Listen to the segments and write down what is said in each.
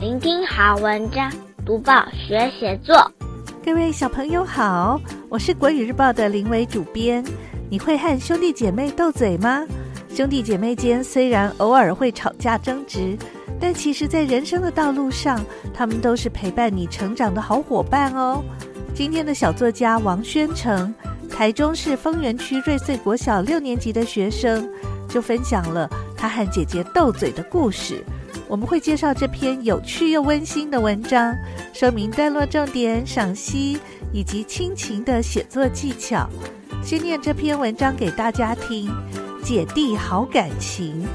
聆聽好文章，讀報學寫作。各位小朋友好，我是國語日報的林偉主編。你會和兄弟姐妹鬥嘴嗎？兄弟姐妹間雖然偶爾會吵架爭執，但其實，在人生的道路上，他們都是陪伴你成長的好夥伴哦。今天的小作家王宣成，台中市豐原區瑞穗國小六年級的學生，就分享了他和姐姐鬥嘴的故事。我們會介紹這篇有趣又溫馨的文章，說明段落重點、賞析以及親情的寫作技巧。先念這篇文章給大家聽：姐弟好感情。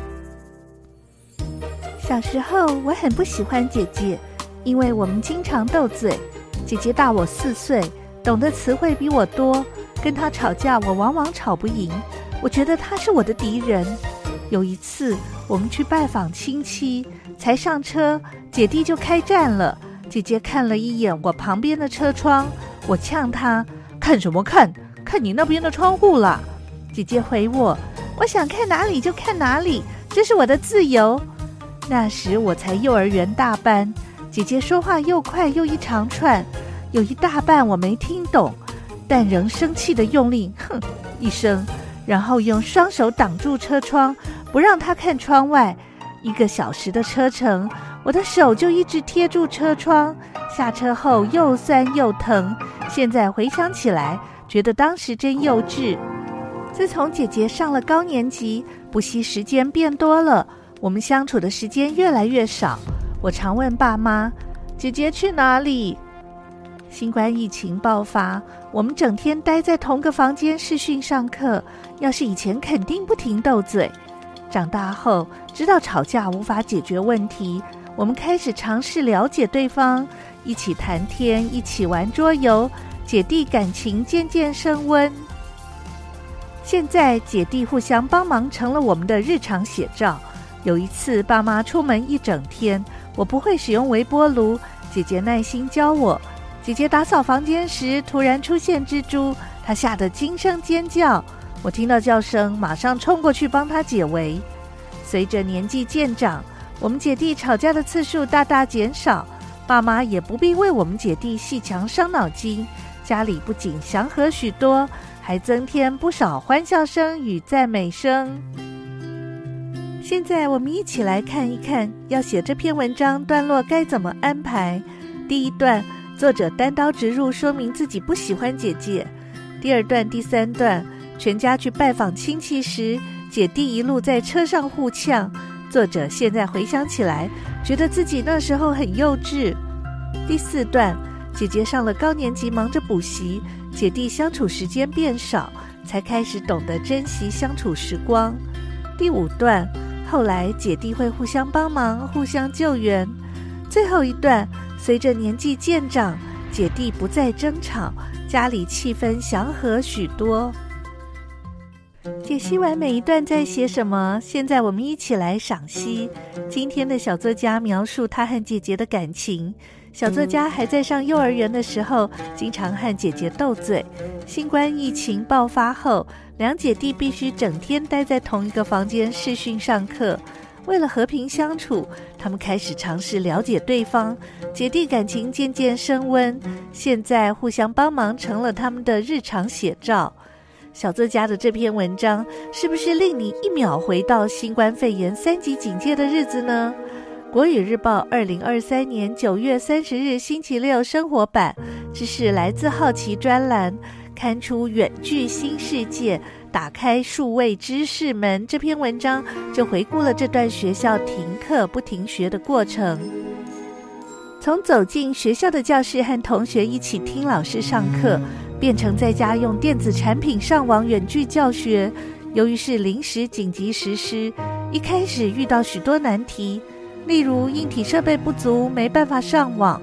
小時候我很不喜歡姐姐，因為我們經常鬥嘴。姐姐大我四歲，懂得詞彙比我多，跟她吵架我往往吵不贏。我覺得她是我的敵人。有一次我們去拜訪親戚。才上車，姐弟就開戰了。姐姐看了一眼我旁邊的車窗，我嗆她：“看什麼看？看你那邊的窗戶了。”姐姐回我：“我想看哪裡就看哪裡，這是我的自由。”那時我才幼兒園大班，姐姐說話又快又一長串，有一大半我沒聽懂，但仍生氣地用力哼一聲，然後用雙手擋住車窗，不讓她看窗外。一個小時的車程，我的手就一直貼住車窗。下車後又酸又疼，現在回想起來，覺得當時真幼稚。自從姐姐上了高年級，補習時間變多了，我們相處的時間越來越少。我常問爸媽：“姐姐去哪裡？”新冠疫情爆發，我們整天待在同個房間視訊上課。要是以前，肯定不停鬥嘴。長大後，知道吵架無法解決問題，我們開始嘗試了解對方，一起談天，一起玩桌遊，姐弟感情漸漸升溫。現在，姐弟互相幫忙成了我們的日常寫照。有一次，爸媽出門一整天，我不會使用微波爐，姐姐耐心教我。姐姐打掃房間時，突然出現蜘蛛，她嚇得驚聲尖叫。我聽到叫聲，馬上衝過去幫他解圍。隨着年紀漸長，我們姐弟吵架的次數大大減少，爸媽也不必為我們姐弟鬩牆傷腦筋，家裡不僅祥和許多，還增添不少歡笑聲與讚美聲。現在我們一起來看一看，要寫這篇文章段落該怎麼安排。第一段，作者單刀直入，說明自己不喜歡姐姐。第二段、第三段。全家去拜訪親戚時，姐弟一路在車上互嗆。作者現在回想起來，覺得自己那時候很幼稚。第四段，姐姐上了高年級，忙着補習，姐弟相處時間變少，才開始懂得珍惜相處時光。第五段，後來姐弟會互相幫忙，互相救援。最後一段，隨着年紀漸長，姐弟不再爭吵，家裡氣氛祥和許多。解析完每一段在寫什麼，現在我們一起來賞析。今天的小作家描述他和姐姐的感情。小作家還在上幼兒園的時候，經常和姐姐鬥嘴。新冠疫情爆發後，兩姐弟必須整天待在同一個房間視訊上課。為了和平相處，他們開始嘗試了解對方，姐弟感情漸漸升溫。現在互相幫忙成了他們的日常寫照。小作家的這篇文章是不是令你一秒回到新冠肺炎三級警戒的日子呢？國語日報二零二三年九月三十日星期六生活版，這是來自好奇專欄，刊出《遠距新世界，打開數位知識門》這篇文章，就回顧了這段學校停課不停學的過程。從走進學校的教室和同學一起聽老師上課，變成在家用電子產品上網遠距教學。由於是臨時緊急實施，一開始遇到許多難題，例如硬體設備不足，沒辦法上網；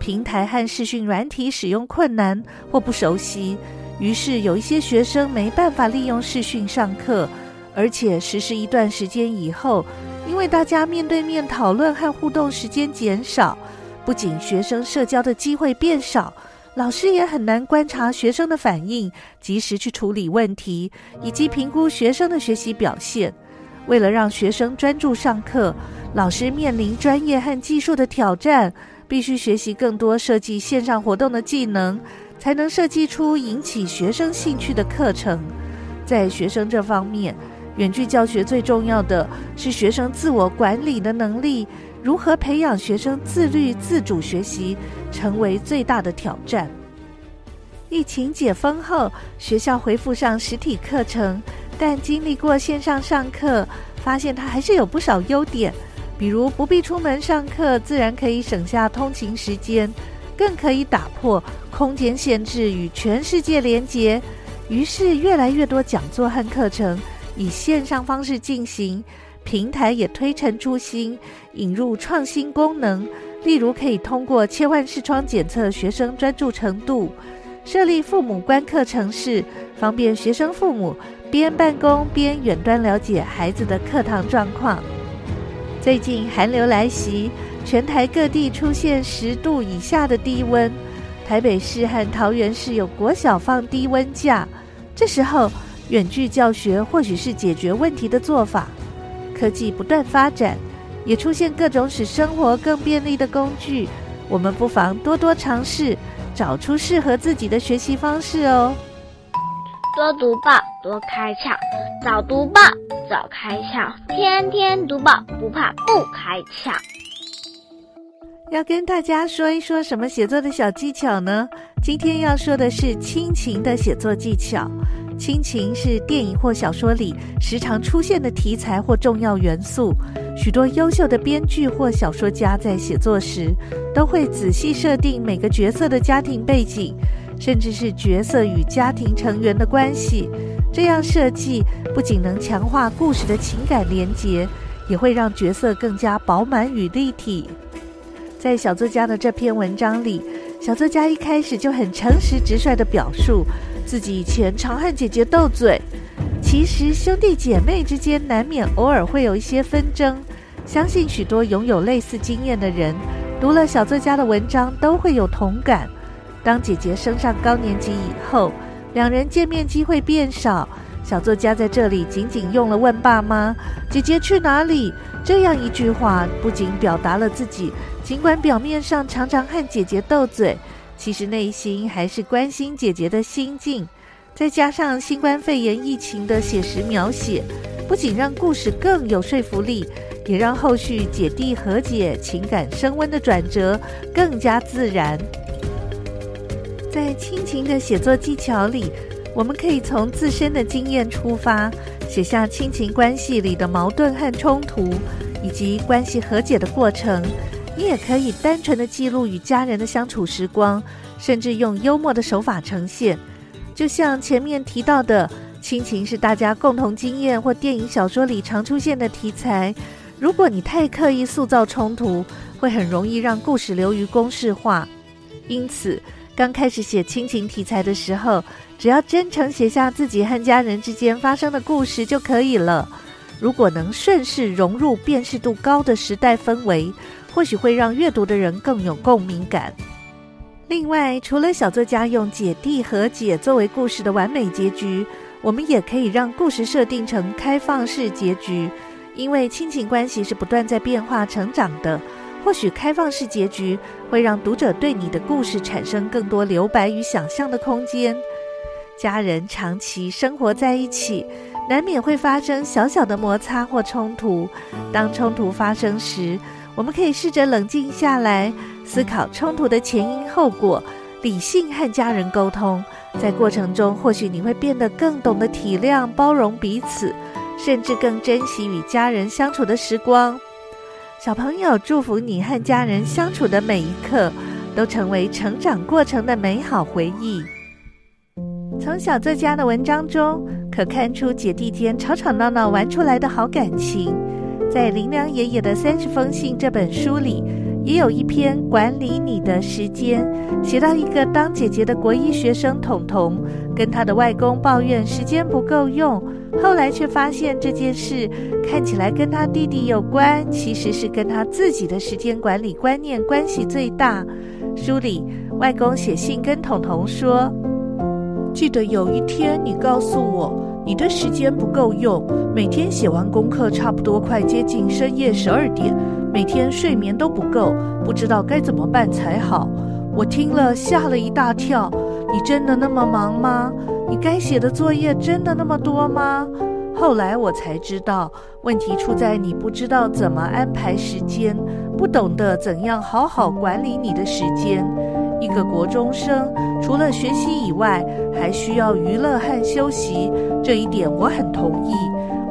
平台和視訊軟體使用困難或不熟悉。於是有一些學生沒辦法利用視訊上課，而且實施一段時間以後，因為大家面對面討論和互動時間減少。不僅學生社交的機會變少，老師也很難觀察學生的反應，及時去處理問題，以及評估學生的學習表現。為了讓學生專注上課，老師面臨專業和技術的挑戰，必須學習更多設計線上活動的技能，才能設計出引起學生興趣的課程。在學生這方面，遠距教學最重要的是學生自我管理的能力。如何培養學生自律、自主學習，成為最大的挑戰。疫情解封後，學校恢復上實體課程，但經歷過線上上課，發現它還是有不少優點，比如不必出門上課，自然可以省下通勤時間，更可以打破空間限制，與全世界連結。於是，越來越多講座和課程以線上方式進行。平台也推陳出新，引入創新功能，例如可以通過切換視窗檢測學生專注程度，設立父母觀課程式，方便學生父母邊辦公邊遠端了解孩子的課堂狀況。最近寒流來襲，全台各地出現十度以下的低溫，台北市和桃園市有國小放低溫假。這時候，遠距教學或許是解決問題的做法。科技不斷發展，也出現各種使生活更便利的工具。我們不妨多多嘗試，找出適合自己的學習方式哦。多讀報，多開竅；早讀報，早開竅；天天讀報，不怕不開竅。要跟大家說一說什麼寫作的小技巧呢？今天要說的是親情的寫作技巧。親情是電影或小說裡時常出現的題材或重要元素。許多優秀的編劇或小說家在寫作時，都會仔細設定每個角色的家庭背景，甚至是角色與家庭成員的關係。這樣設計不僅能強化故事的情感連結，也會讓角色更加飽滿與立體。在小作家的這篇文章裡，小作家一開始就很誠實直率地表述。自己以前常和姐姐鬥嘴，其實兄弟姐妹之間難免偶爾會有一些紛爭。相信許多擁有類似經驗的人，讀了小作家的文章都會有同感。當姐姐升上高年級以後，兩人見面機會變少。小作家在這裡僅僅用了“問爸媽，姐姐去哪裡”這樣一句話，不僅表達了自己儘管表面上常常和姐姐鬥嘴。其實內心還是關心姐姐的心境，再加上新冠肺炎疫情的寫實描寫，不僅讓故事更有說服力，也讓後續姐弟和解、情感升溫的轉折更加自然。在親情的寫作技巧裡，我們可以從自身的經驗出發，寫下親情關係裡的矛盾和衝突，以及關係和解的過程。你也可以單純的記錄與家人的相處時光，甚至用幽默的手法呈現。就像前面提到的，親情是大家共同經驗或電影、小說裡常出現的題材。如果你太刻意塑造衝突，會很容易讓故事流於公式化。因此，剛開始寫親情題材的時候，只要真誠寫下自己和家人之間發生的故事就可以了。如果能順勢融入辨識度高的時代氛圍，或許會讓閱讀的人更有共鳴感。另外，除了小作家用姐弟和解作為故事的完美結局，我們也可以讓故事設定成開放式結局，因為親情關係是不斷在變化、成長的。或許開放式結局會讓讀者對你的故事產生更多留白與想象的空間。家人長期生活在一起，難免會發生小小的摩擦或衝突。當衝突發生時，我們可以試着冷靜下來，思考衝突的前因後果，理性和家人溝通。在過程中，或許你會變得更懂得體諒、包容彼此，甚至更珍惜與家人相處的時光。小朋友，祝福你和家人相處的每一刻都成為成長過程的美好回憶。從小作家的文章中，可看出姐弟間吵吵鬧鬧、玩出來的好感情。在林良爺爺的《三十封信》這本書裡，也有一篇管理你的時間，寫到一個當姐姐的國一學生彤彤，跟她的外公抱怨時間不夠用，後來卻發現這件事看起來跟他弟弟有關，其實是跟他自己的時間管理觀念關係最大。書裡外公寫信跟彤彤說。記得有一天，你告訴我，你的時間不夠用，每天寫完功課差不多快接近深夜十二點，每天睡眠都不夠，不知道該怎麼辦才好。我聽了嚇了一大跳，你真的那麼忙嗎？你該寫的作業真的那麼多嗎？後來我才知道，問題出在你不知道怎麼安排時間，不懂得怎樣好好管理你的時間。一個國中生除了學習以外，還需要娛樂和休息，這一點我很同意。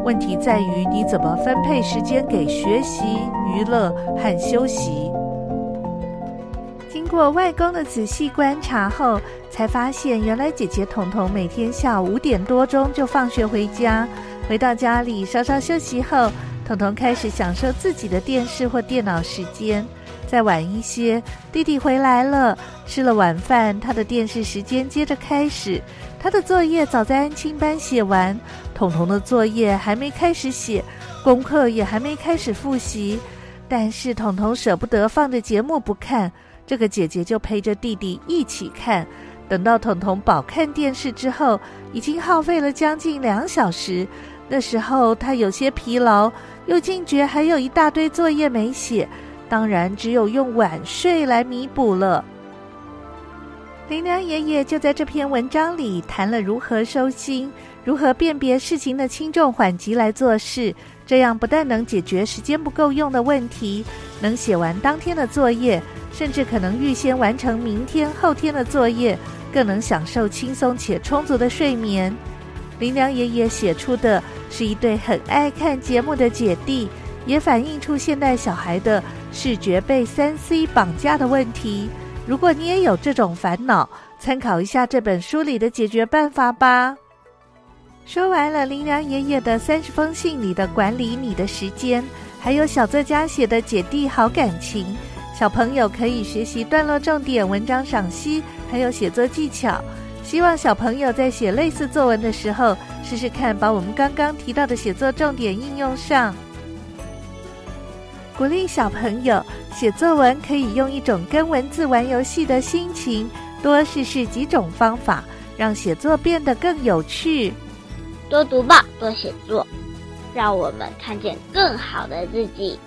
問題在於你怎麼分配時間給學習、娛樂和休息？經過外公的仔細觀察後，才發現原來姐姐彤彤每天下午五點多鐘就放學回家，回到家裡稍稍休息後，彤彤開始享受自己的電視或電腦時間。再晚一些，弟弟回來了，吃了晚飯，他的電視時間接着開始。他的作業早在安親班寫完，彤彤的作業還沒開始寫，功課也還沒開始複習。但是彤彤捨不得放着節目不看，這個姐姐就陪着弟弟一起看。等到彤彤飽看電視之後，已經耗費了將近兩小時，那時候他有些疲勞，又驚覺還有一大堆作業沒寫。當然，只有用晚睡來彌補了。林良爺爺就在這篇文章裡談了如何收心，如何辨別事情的輕重緩急來做事，這樣不但能解決時間不夠用的問題，能寫完當天的作業，甚至可能預先完成明天、後天的作業，更能享受輕鬆且充足的睡眠。林良爺爺寫出的是一對很愛看節目的姐弟。也反映出現代小孩的視覺被三 C 綁架的問題。如果你也有這種煩惱，參考一下這本書裡的解決辦法吧。說完了林良爺爺的三十封信裡的管理你的時間，還有小作家寫的姐弟好感情，小朋友可以學習段落重點、文章賞析，還有寫作技巧。希望小朋友在寫類似作文的時候，試試看把我們剛剛提到的寫作重點應用上。鼓勵小朋友寫作文，可以用一種跟文字玩遊戲的心情，多試試幾種方法，讓寫作變得更有趣。多讀報，多寫作，讓我們看見更好的自己。